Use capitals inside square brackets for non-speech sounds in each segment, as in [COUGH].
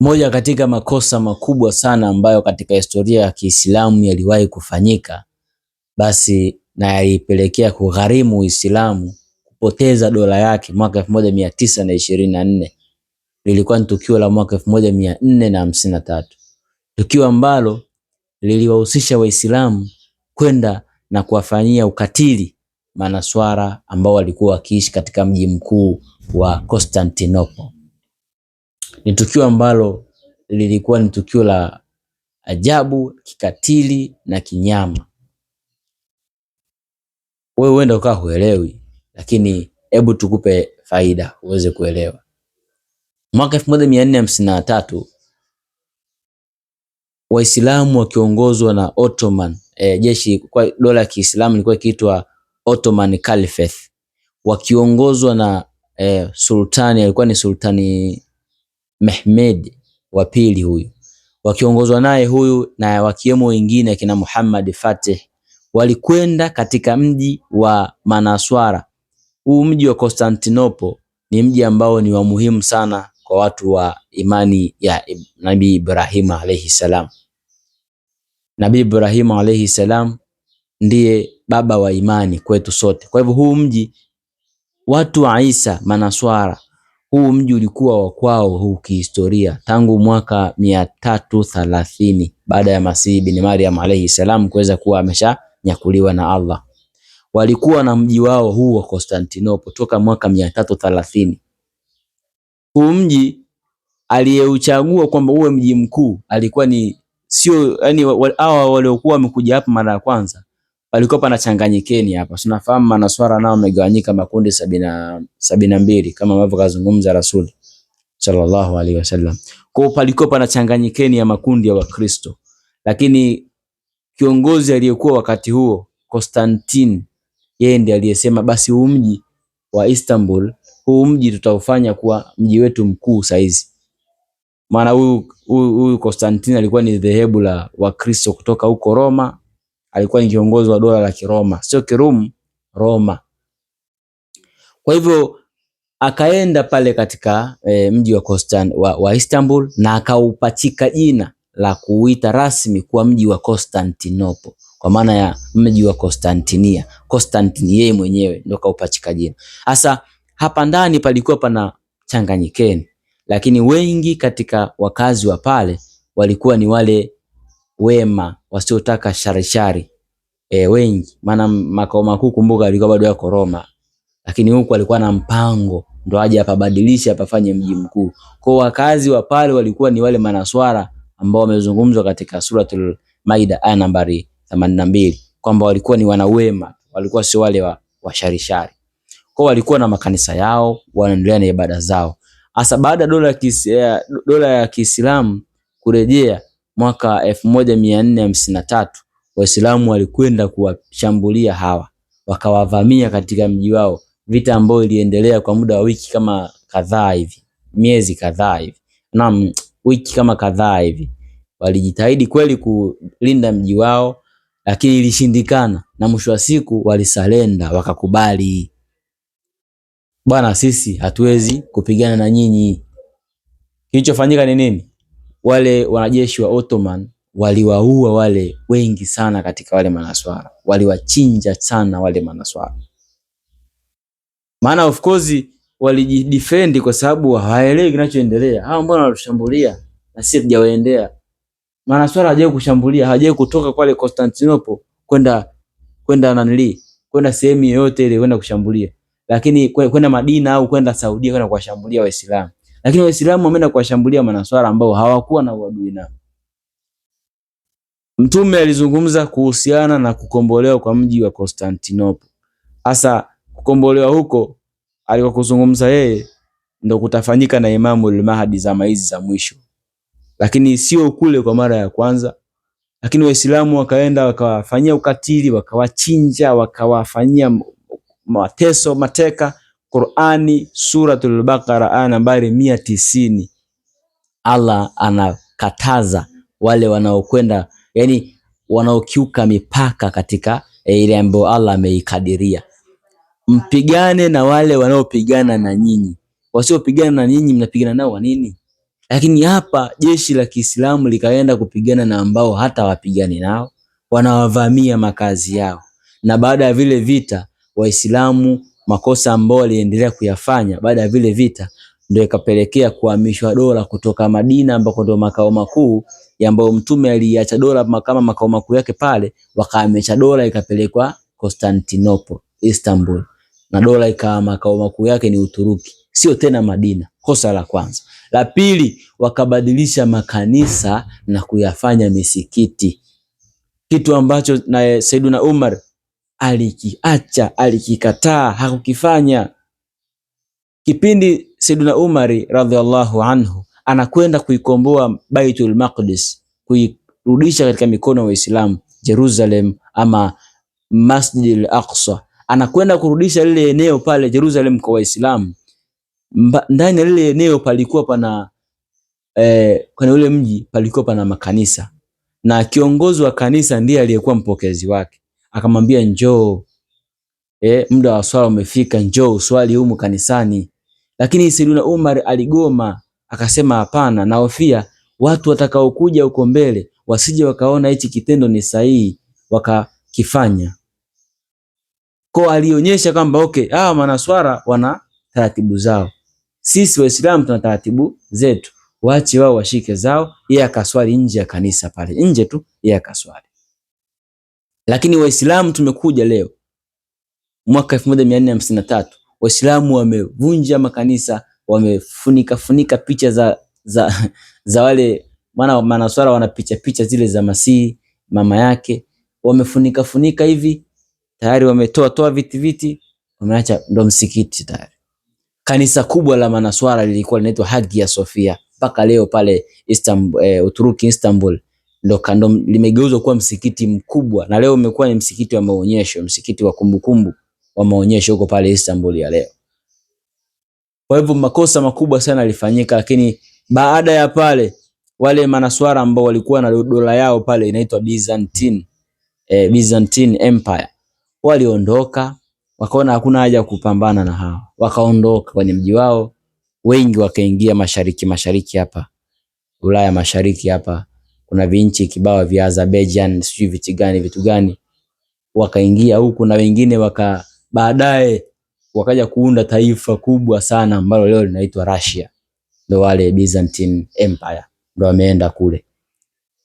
Moja katika makosa makubwa sana ambayo katika historia ya Kiislamu yaliwahi kufanyika, basi na yalipelekea kugharimu Uislamu kupoteza dola yake mwaka 1924 na lilikuwa ni tukio la mwaka elfu tatu tukio ambalo liliwahusisha Waislamu kwenda na kuwafanyia ukatili manaswara ambao walikuwa wakiishi katika mji mkuu wa Constantinople. Ni tukio ambalo lilikuwa ni tukio la ajabu, kikatili na kinyama. Wewe huenda ukawa huelewi, lakini hebu tukupe faida uweze kuelewa. Mwaka elfu moja mia nne hamsini na tatu Waislamu wakiongozwa na Ottoman e, jeshi kwa dola ya Kiislamu ilikuwa ikiitwa Ottoman Caliphate wakiongozwa na e, sultani alikuwa ni sultani Mehmed wa pili huyu, wakiongozwa naye huyu na wakiwemo wengine akina Muhammad Fateh, walikwenda katika mji wa Manaswara. Huu mji wa Constantinople ni mji ambao ni wa muhimu sana kwa watu wa imani ya Nabii Ibrahim alayhi salam. Nabii Ibrahim alayhi salam ndiye baba wa imani kwetu sote. Kwa hivyo huu mji watu wa Isa Manaswara huu mji ulikuwa wa kwao huu kihistoria tangu mwaka mia tatu thalathini baada ya Masihi bin Maryam alayhi salam kuweza kuwa ameshanyakuliwa na Allah. Walikuwa na mji wao huu wa Konstantinopo toka mwaka mia tatu thalathini. Huu mji aliyeuchagua kwamba uwe mji mkuu alikuwa ni sio, yani hawa waliokuwa wamekuja hapa mara ya kwanza palikuwa panachanganyikeni hapa. Tunafahamu manaswara nao wamegawanyika makundi sabina, na mbili kama ambavyo kazungumza Rasuli sallallahu alaihi wasallam. Kwa hiyo palikuwa panachanganyikeni ya makundi ya Wakristo, lakini kiongozi aliyekuwa wakati huo Konstantin, yeye ndiye aliyesema basi huu mji wa Istanbul, huu mji tutaufanya kuwa mji wetu mkuu saizi. Maana huyu huyu Konstantin alikuwa ni dhehebu la Wakristo kutoka huko Roma alikuwa ni kiongozi wa dola la Kiroma, sio Kirumi, Roma. Kwa hivyo akaenda pale katika e, mji wa, Konstan, wa, wa Istanbul na akaupachika jina la kuuita rasmi kuwa mji wa Konstantinopo kwa maana ya mji wa Konstantinia. Konstantini yeye mwenyewe ndio kaupachika jina. Sasa hapa ndani palikuwa pana changanyikeni, lakini wengi katika wakazi wa pale walikuwa ni wale wema wasiotaka sharishari e, wengi. Maana makao makuu kumbuka, alikuwa bado yako Roma, lakini huku alikuwa na mpango ndo aje apabadilishe apafanye mji mkuu. Kwa wakazi wa pale walikuwa ni wale manaswara ambao wamezungumzwa katika Suratul Maida aya nambari 82 kwamba walikuwa ni wanawema, walikuwa sio wale wa washarishari. Kwa walikuwa na makanisa yao, wanaendelea na ibada zao. Hasa baada dola ya dola ya Kiislamu kurejea mwaka elfu moja mia nne na tatu Waislamu walikwenda kuwashambulia hawa, wakawavamia katika mji wao, vita ambayo iliendelea kwa muda wa wiki kama kadhaa hivi, miezi kadhaa hivi, na wiki kama kadhaa hivi. Walijitahidi kweli kulinda mji wao, lakini ilishindikana, na mwisho wa siku walisalenda, wakakubali, bwana, sisi hatuwezi kupigana na nyinyi. Kilichofanyika ni nini? wale wanajeshi wa Ottoman waliwaua wale wengi sana katika wale manaswara, waliwachinja sana wale manaswara. Maana of course walijidefend kwa sababu hawaelewi kinachoendelea. Hao mbona wanatushambulia na sisi tujawaendea? Manaswara hajawahi kushambulia, hajawahi kutoka kwale Constantinople kwenda kwenda nanili kwenda sehemu yoyote ile kwenda kushambulia, lakini kwenda Madina au kwenda Saudia kwenda kuwashambulia Waislamu lakini Waislamu wameenda kuwashambulia manaswara ambao hawakuwa na uadui nao. Mtume alizungumza kuhusiana na kukombolewa kwa mji wa Konstantinopo. Hasa kukombolewa huko alikuwa kuzungumza yeye ndo kutafanyika na Imamu al Mahdi zama hizi za mwisho, lakini sio kule kwa mara ya kwanza. Lakini Waislamu wakaenda wakawafanyia ukatili, wakawachinja, wakawafanyia mateso, mateka Qurani Suratul Baqara aya nambari mia tisini. Allah anakataza wale wanaokwenda yani, wanaokiuka mipaka katika eh, ile ambayo Allah ameikadiria. Mpigane na wale wanaopigana na nyinyi, wasiopigana na nyinyi mnapigana nao wa nini? Lakini hapa jeshi la Kiislamu likaenda kupigana na ambao hata wapigani nao, wanawavamia makazi yao, na baada ya vile vita Waislamu makosa ambayo aliendelea kuyafanya baada ya vile vita ndio ikapelekea kuhamishwa dola kutoka Madina ambako ndio makao makuu ambayo mtume aliacha dola kama makao makuu yake pale, wakahamisha dola ikapelekwa Constantinople, Istanbul, na dola ikawa makao makuu yake ni Uturuki, sio tena Madina. Kosa la kwanza. La pili, wakabadilisha makanisa na kuyafanya misikiti, kitu ambacho na Saiduna Umar alikiacha, alikikataa, hakukifanya. Kipindi Saidina Umari radhiallahu anhu anakwenda kuikomboa Baitul Maqdis, kuirudisha katika mikono ya Waislamu, Jerusalem ama Masjid al-Aqsa, anakwenda kurudisha lile eneo pale Jerusalem kwa Waislamu. Ndani ya lile eneo palikuwa pana eh, kwenye ule mji palikuwa pana makanisa na kiongozi wa kanisa ndiye aliyekuwa mpokezi wake akamwambia njoo, e, muda wa swala umefika, njoo swali humu kanisani. Lakini Saidina Umar aligoma, akasema hapana, naofia watu watakaokuja huko mbele wasije wakaona hichi kitendo ni sahihi wakakifanya. Kwa alionyesha kwamba okay, hawa manaswara wana taratibu zao, sisi Waislamu tuna taratibu zetu, waache wao washike zao. Yeye akaswali nje ya kanisa pale nje tu, yeye akaswali. Lakini Waislamu tumekuja leo mwaka 1453 Waislamu wamevunja makanisa, wamefunika funika picha za, za, [LAUGHS] za wale maana manaswara wana picha picha zile za Masihi mama yake, wamefunika funika hivi tayari, wametoa toa viti viti, wameacha ndo msikiti tayari. Kanisa kubwa la manaswara lilikuwa linaitwa Hagia Sophia mpaka leo pale Istanbul, eh, Uturuki Istanbul ndo kando limegeuzwa kuwa msikiti mkubwa, na leo umekuwa ni msikiti wa maonyesho, msikiti wa kumbukumbu wa maonyesho huko pale Istanbul ya leo. Kwa hivyo makosa makubwa sana yalifanyika, lakini baada ya pale wale manaswara ambao walikuwa na dola yao pale inaitwa Byzantine, eh, Byzantine Empire waliondoka, wakaona hakuna haja kupambana na hao, wakaondoka kwenye mji wao, wengi wakaingia mashariki mashariki hapa Ulaya mashariki hapa kuna vinchi kibao vya Azerbaijan, sijui vitu gani vitu gani, wakaingia huku na wengine waka baadaye wakaja kuunda taifa kubwa sana ambalo leo linaitwa Russia, ndo wale Byzantine Empire ndo wameenda kule.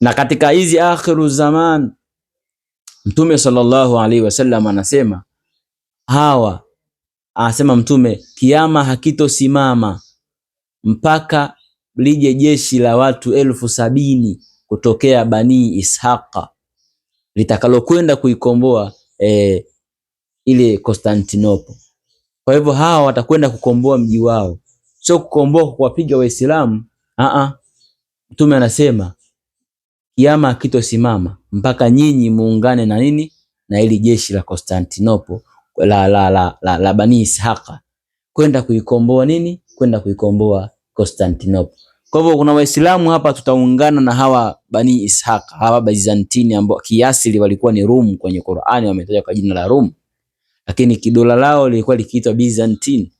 Na katika hizi akhiru zaman, Mtume sallallahu alaihi wasallam anasema hawa, anasema Mtume, kiama hakitosimama mpaka lije jeshi la watu elfu sabini kutokea Bani Ishaqa litakalokwenda kuikomboa e, ile Konstantinopo. Kwa hivyo hawa watakwenda kukomboa mji wao, sio kukomboa kwa kuwapiga Waislamu. A, mtume anasema kiama akitosimama mpaka nyinyi muungane na nini na ili jeshi la Konstantinopo la, la, la, la, la Bani Ishaqa kwenda kuikomboa nini, kwenda kuikomboa Konstantinopo. Kwa hivyo kuna Waislamu hapa tutaungana na hawa Bani Ishaq, hawa Byzantine ambao kiasili walikuwa ni Rum kwenye Qur'ani, wametajwa kwa jina la Rum, lakini kidola lao lilikuwa likiitwa Byzantine.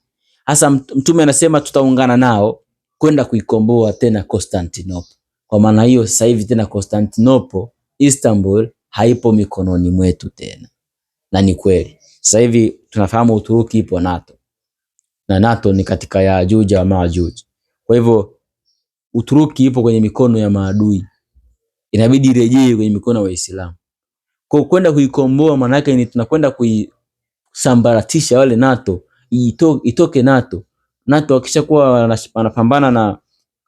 Hasa Mtume anasema tutaungana nao kwenda kuikomboa tena Constantinople. Kwa maana hiyo sasa hivi tena Constantinople, Istanbul haipo mikononi mwetu tena, na ni kweli. Sasa hivi tunafahamu Uturuki ipo NATO na NATO ni katika ya juja wa majuja. kwa hivyo Uturuki ipo kwenye mikono ya maadui, inabidi irejee kwenye mikono ya Waislamu. Kwa kwenda kuikomboa, maana yake ni tunakwenda kuisambaratisha wale NATO, ito, itoke NATO. NATO wakishakuwa wanapambana na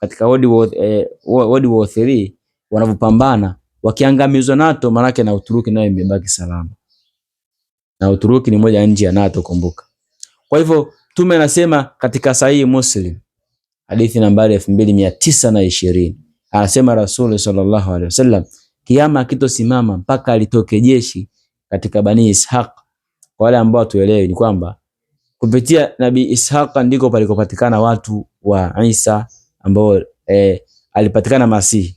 katika World War, eh, World War 3 wanavyopambana wakiangamizwa NATO, maana yake na Uturuki nayo imebaki salama, na Uturuki ni moja nje ya NATO, kumbuka. Kwa hivyo tume nasema katika Sahihi Muslim hadithi nambari elfu mbili mia tisa na ishirini anasema Rasuli sallallahu alaihi wasallam, kiama akitosimama mpaka alitoke jeshi katika Bani Ishaq. Kwa wale ambao tuelewe ni kwamba kupitia Nabii Ishaq ndiko palikopatikana watu wa Isa ambao eh, alipatikana Masihi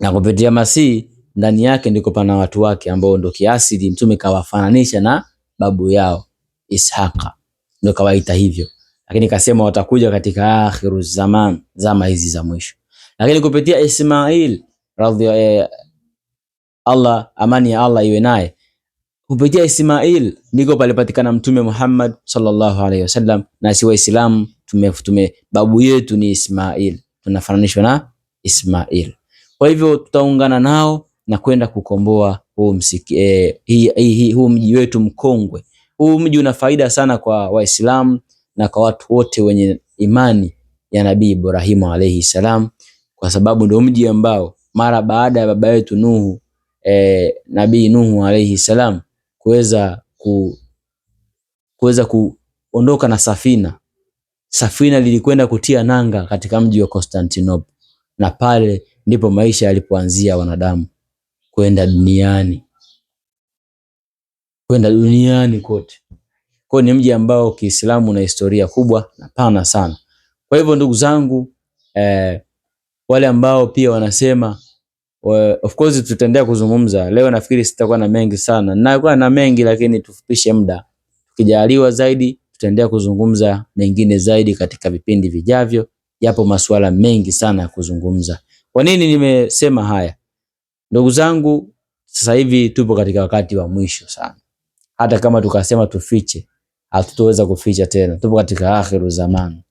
na kupitia Masihi ndani yake ndiko pana watu wake ambao ndo kiasili mtume kawafananisha na babu yao Ishaq, ndo kawaita hivyo lakini kasema watakuja katika akhiru zaman, zama hizi za mwisho. Lakini kupitia Ismail radhi eh, Allah, amani ya Allah iwe naye, kupitia Ismail ndiko palipatikana Mtume Muhammad sallallahu alaihi wasallam, na si Waislamu tume babu yetu ni Ismail, tunafananishwa na Ismail. Kwa hivyo tutaungana nao na kwenda kukomboa huu msiki, eh, hii, hi, huu mji wetu mkongwe. Huu mji una faida sana kwa Waislamu na kwa watu wote wenye imani ya Nabii Ibrahimu alayhi salam, kwa sababu ndio mji ambao mara baada ya baba yetu Nuhu e, Nabii Nuhu alayhi salam kuweza ku, kuweza kuondoka na safina, safina lilikwenda kutia nanga katika mji wa Constantinople, na pale ndipo maisha yalipoanzia wanadamu kwenda duniani kwenda duniani kote. Kwa ni mji ambao Kiislamu una historia kubwa na pana sana. Kwa hivyo ndugu zangu eh, wale ambao pia wanasema well, of course tutaendelea kuzungumza leo, nafikiri sitakuwa na mengi sana, nakuwa na mengi lakini tufupishe muda, tukijaliwa zaidi tutaendelea kuzungumza mengine zaidi katika vipindi vijavyo. Yapo masuala mengi sana ya kuzungumza. Kwa nini nimesema haya? Ndugu zangu, sasa hivi tupo katika wakati wa mwisho sana. Hata kama tukasema tufiche, hatutoweza kuficha tena, tupo katika akhiru zamani.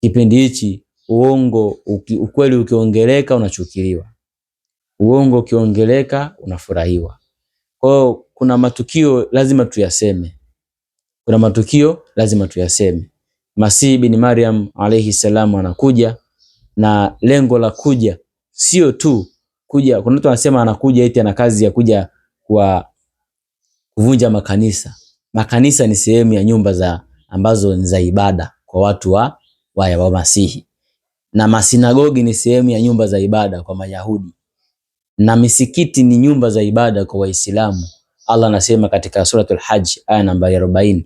Kipindi hichi uongo uki, ukweli ukiongeleka unachukiliwa, uongo ukiongeleka unafurahiwa. Kwa hiyo kuna matukio lazima tuyaseme, kuna matukio lazima tuyaseme. Masihi bin Maryam alayhi salamu anakuja na lengo la kuja sio tu kuja. Kuna mtu anasema anakuja eti ana kazi ya kuja kwa kuvunja makanisa makanisa ni sehemu ya nyumba za ambazo ni za ibada kwa watu wa wa, wa Masihi, na masinagogi ni sehemu ya nyumba za ibada kwa Mayahudi, na misikiti ni nyumba za ibada kwa Waislamu. Allah anasema katika suratul Hajj aya namba 40,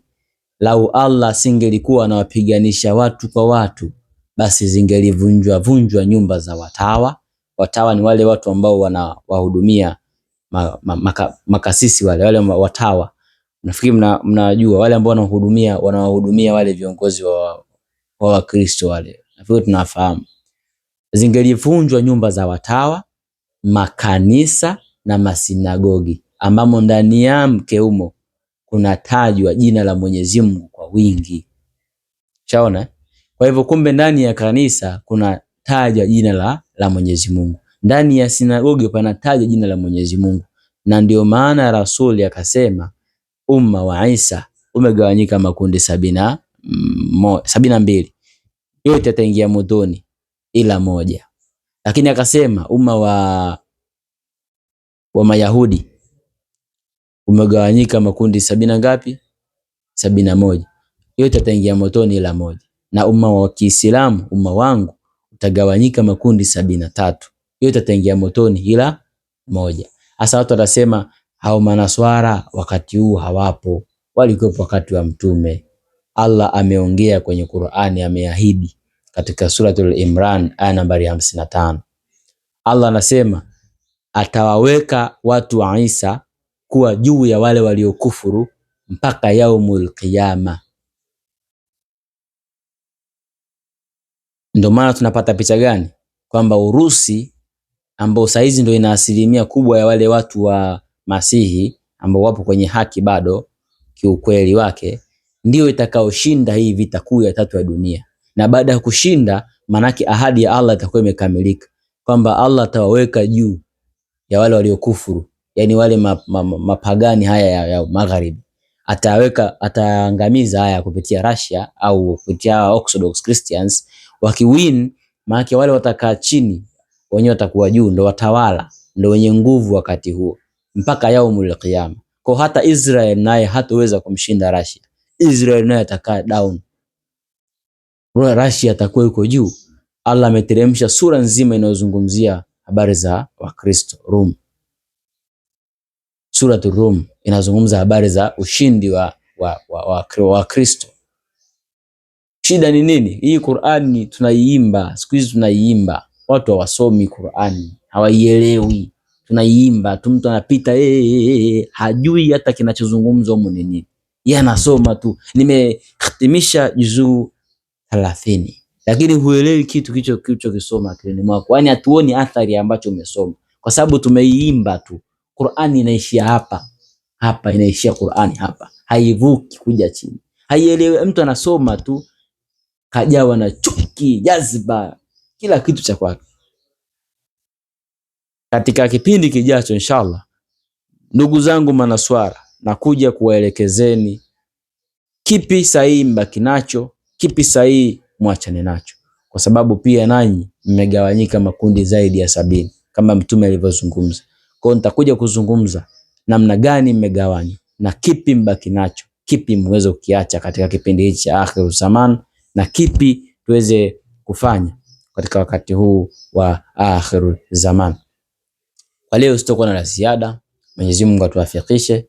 lau Allah singelikuwa anawapiganisha watu kwa watu, basi zingelivunjwa vunjwa nyumba za watawa. Watawa ni wale watu ambao wanawahudumia makasisi ma, ma, ma, wale wale watawa nafikiri mna, mnajua wale ambao wanahudumia wanawahudumia wale viongozi wa wa Wakristo wale, nafikiri tunafahamu. Zingelifunjwa nyumba za watawa, makanisa na masinagogi, ambamo ndani ya mke humo kunatajwa jina la Mwenyezi Mungu kwa wingi. Shaona? Kwa hivyo kumbe ndani ya kanisa kunatajwa jina la, la Mwenyezi Mungu, ndani ya sinagogi panatajwa jina la Mwenyezi Mungu, na ndio maana Rasuli akasema umma wa Isa umegawanyika makundi sabina, na mm, sabina mbili, yote yataingia motoni ila moja. Lakini akasema umma wa, wa Mayahudi umegawanyika makundi sabina na ngapi? Sabina na moja, yote yataingia motoni ila moja. Na umma wa Kiislamu, umma wangu utagawanyika makundi sabina na tatu, yote yataingia motoni ila moja. Hasa watu watasema hao manaswara wakati huu hawapo, walikuwepo wakati wa Mtume. Allah ameongea kwenye Qur'ani, ameahidi katika Suratul Imran aya nambari 55. na tano. Allah anasema atawaweka watu wa Isa kuwa juu ya wale waliokufuru mpaka yaumul qiyama. Ndio maana tunapata picha gani kwamba Urusi ambao saizi ndio ina asilimia kubwa ya wale watu wa Masihi ambao wapo kwenye haki bado kiukweli wake ndio itakaoshinda hii vita kuu ya tatu ya dunia. Na baada ya kushinda, manake ahadi ya Allah itakuwa imekamilika kwamba Allah atawaweka juu ya wale waliokufuru, yani wale mapagani ma, ma, haya ya, ya magharibi ataweka ataangamiza haya kupitia Russia au kupitia Orthodox Christians wakiwin, maana wale watakaa chini wenyewe watakuwa juu, ndo watawala ndo wenye nguvu wakati huo mpaka yaumul qiyama. Kwa hata Israel naye hataweza kumshinda Russia. Israel naye atakaa down. Russia atakuwa yuko juu. Allah ameteremsha sura nzima inayozungumzia habari za Wakristo Rum. Suratu Rum inazungumza habari za ushindi wa wa wa Wakristo wa Shida ni nini? Hii Qur'ani tunaiimba, siku hizi tunaiimba, watu hawasomi Qur'ani, hawaielewi tunaiimba tu, mtu anapita hey, hey, hey, hajui hata kinachozungumzwa huko ni nini, yeye anasoma tu, nimehitimisha juzuu 30 lakini huelewi kitu kicho kicho kisoma akilini mwako, yani hatuoni athari ambacho umesoma, kwa sababu tumeiimba tu. Qur'ani inaishia hapa hapa, inaishia Qur'ani hapa, haivuki kuja chini, haielewi. Mtu anasoma tu, kajawa na chuki, jazba, kila kitu cha kwake. Katika kipindi kijacho inshallah, ndugu zangu manaswara, nakuja kuwaelekezeni kipi sahihi mbaki nacho, kipi sahihi mwachane nacho, kwa sababu pia nanyi mmegawanyika makundi zaidi ya sabini kama mtume alivyozungumza. Kwa nitakuja kuzungumza namna gani mmegawanywa na kipi mbaki nacho, kipi mweze kukiacha katika kipindi hichi cha akhiru zaman, na kipi tuweze kufanya katika wakati huu wa akhiru zaman. Kwa leo sitakuwa na la ziada. Mwenyezi Mungu atuafikishe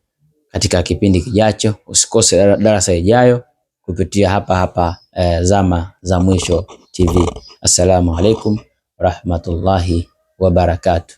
katika kipindi kijacho. Usikose darasa ijayo kupitia hapa hapa eh, Zama za Mwisho TV. Assalamu alaikum warahmatullahi wabarakatuh.